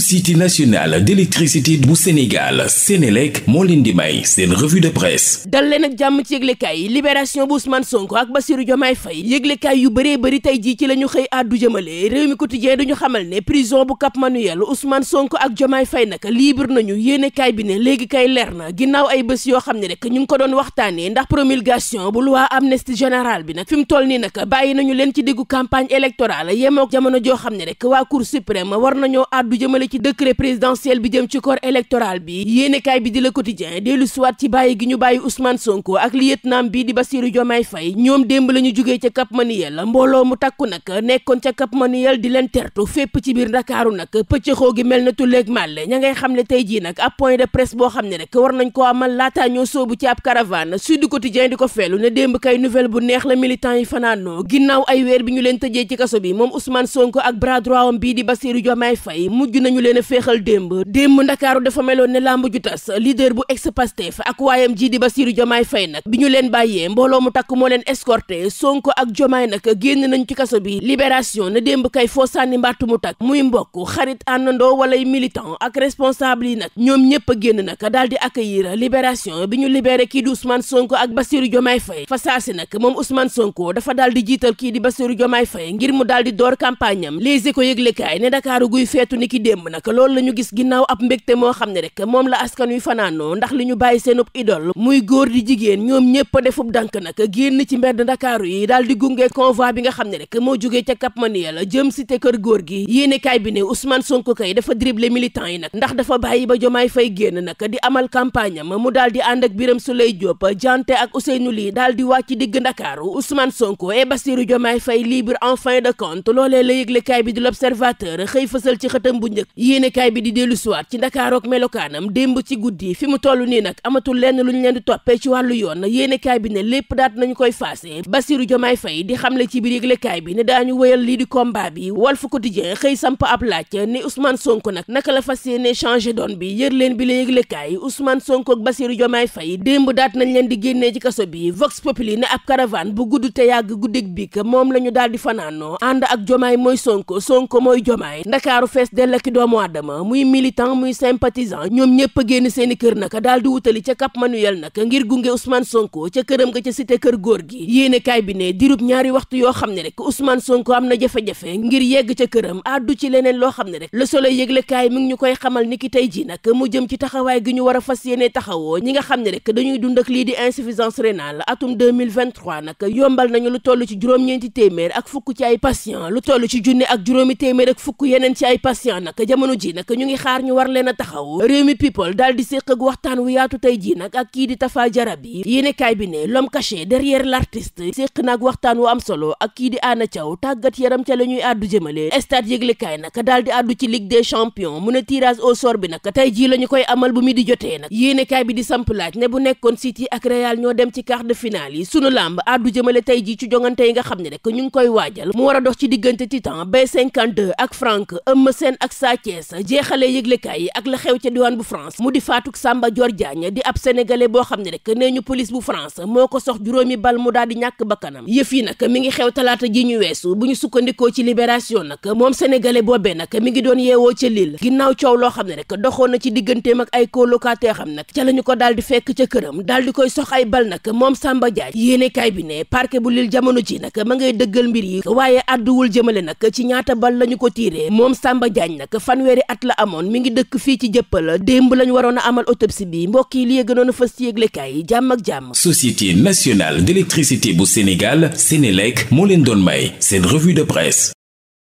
société nationale d'électricité bu Sénégal Sénélec moo leen di may seen revue de presse dal leen ak jàmm ci yëglekaay yi libération bu Ousmane Sonko ak Bassirou Diomaye Faye yëglekaay yu bëree bëri tey jii ci la xëy àddu jëmale réew mi quotidien dañu xamal ne prison bu Cap Manuel Ousmane ak Diomaye Faye nag libre nañu yéenekaay bi ne léegi kay leer na ginnaaw ay bés yoo xam ne rek ñu ngi ko doon waxtaanee ndax promulgation bu waa Cour suprême jëmale ci décret présidentiel bi jëm ci corps électoral bi yéenekaay bi di Le Quotidien dellu siwaat ci bàyyi gi ñu bàyyi Ousmane Sonko ak lieutenant bi di Bassirou Diomaye Faye la ñu jugee ca Cap Manuel mbooloo mu takku nag nekkoon ca di leen tertu fépp ci biir Ndakaaru nag pëccëxoo gi mel na tulleeg màlle ña ngay xam ne tey jii nag ab point de presse xam ne rek war nañ koo amal laataa ñoo soobu ci ab caravane Sud Quotidien di ko feelu ne bu neex la militant yi fanaanoo ginnaaw ay weer bi ñu leen bi moom Ousmane Sonko ak bras droit mujj dinañu leen a féexal démb démb ndakaaru dafa meloon ne làmb ju tas leader bu ex Pastef ak waayam ji di Bassirou Diomaye nag bi ñu leen bàyyee mbooloo mu takk moo leen escorté Sonko ak Diomaye nag génn nañ ci kaso bi libération na démb kay foo sànni mbattu mu takk muy mbokk xarit àndandoo walay militant ak responsable yi nag ñoom ñëpp a génn nag daal di accueillir libération bi ñu libéré kii di Ousmane Sonko ak Bassirou Diomaye fay fa saasi nag moom Ousmane Sonko dafa daal di jiital kii di Bassirou Diomaye Faye ngir mu daal di door campagne am les yëglekaay ne Dakaaru guy feetu ni ki démb nag loolu la ñu gis ginnaaw ab mbégte moo xam ne rek moom la askan wi fanaanoo ndax li ñu bàyyi seenub idole muy góor di jigéen ñoom ñëpp a defub dànk nag génn ci mbedd ndakaaru yi daal di gunge convoi bi nga xam ne rek moo jógee ca Cap Manuel jëm cité kër góor gi yéenekaay bi ne dafa dribble militant yi nag ndax dafa bàyyi ba jomaay fay génn nag di amal campagne mu daal ànd ak Birame Souleye Diop jante ak Ousseynou Ly daal wàcc digg ndakaaru Ousmane Sonko et Bassirou Diomaye libre en fin de compte loolee ëllëg yéenekaay bi di dellu siwaat ci ndakaarook melokaanam démb ci guddi fi mu toll nii nag amatul lenn lu ñu leen di toppee ci wàllu yoon yéenekaay bi ne lépp daat nañu koy faase Bassirou Diomaye fay di xamle ci biir yëglekaay bi ne daañu wéyal lii di combat bi Walf Quotidien xëy samp ab laaj ne Ousmane Sonko nag naka la fas yéene changé doon bi yër leen bi la yëglekaay Ousmane Sonko ak Bassirou Diomaye Faye démb daat nañ leen di génnee ci kaso bi Vox Populi ne ab caravane bu gudd te yàgg guddeeg bi moom la ñu daal di fanaanoo ànd ak Diomaye mooy Sonko Sonko mooy Diomaye Ndakaaru fees dell ak doomu aadama muy militant muy sympathisant ñoom ñëpp génn seeni kër naka daal di wutali ca Cap Manuel naka ngir gunge Ousmane Sonko ca këram nga ca si te kër góor gi yéene kaay bi ne dirub ñaari waxtu yoo xam ne rek Ousmane Sonko am na jafe-jafe ngir yegg ca këram àddu ci leneen loo xam ne rek Le Soleil yëgle kaay mi ngi ñu koy xamal ni ki tey ji nag mu jëm ci taxawaay gi ñu war a fas yéene taxawoo ñi nga xam ne rek dañuy dund ak lii di insuffisance rénale atum 2023 nag yombal nañu lu toll ci juróom téeméer ak ci ay patient lu toll ci junne ak juróomi téeméer fukk yeneen ci ay patient nag jamono ji nag ñu ngi xaar ñu war leen a taxaw réew mi people daal di séq ak waxtaan wu yaatu tey ji nag ak kii di Tafa Jara bi yéenekaay bi ne l'homme caché derrière l'artiste séq nag waxtaan wu am solo ak kii di Anna Thiaw tàggat yaram ca la ñuy àddu jëmale stade yëglekaay nag daal di àddu ci ligue des champions mu ne tirage au sort bi nag tey ji la ñu koy amal bu mi di jotee nag yéenekaay bi di samp laaj ne bu nekkoon City ak Real ñoo dem ci quart de finale yi sunu làmb àddu jëmale tey jii ci jongante yi nga xam ne rek ñu ngi koy waajal mu war a dox ci diggante Titan B52 ak Franc Eumeu Sène waa Thiès jeexalee yëglekaay yi ak la xew ca diwaan bu France mu di faatuk Samba Dior Diagne di ab sénégalais boo xam ne rek nee ñu police bu France moo ko sox juróomi bal mu daal di ñàkk bakkanam yëf yi nag mi ngi xew talaata ji ñu weesu bu ñu sukkandikoo ci libération nag moom sénégalais boobee nag mi ngi doon yeewoo ca Lille ginnaaw coow loo xam ne rek doxoon na ci digganteem ak ay colocataire am nag ca la ñu ko daal di fekk ca këram daal di koy sox ay bal bi ne parquet bu Lille jamono ji nag ma ngay dëggal mbir yi waaye àdduwul jëmale nag ci ñaata bal lañu ko tiiree moom Samba Diagne nag fanweeri at la amoon mi ngi dëkk fii ci jëppal démb lañu waroon a amal autopsie bi mbokk yi li yëgënoon a fës ci yëglekaay yi jàmm ak jàmm société nationale d'électricité bu Sénégal Sénélec moo leen doon may seen revue de presse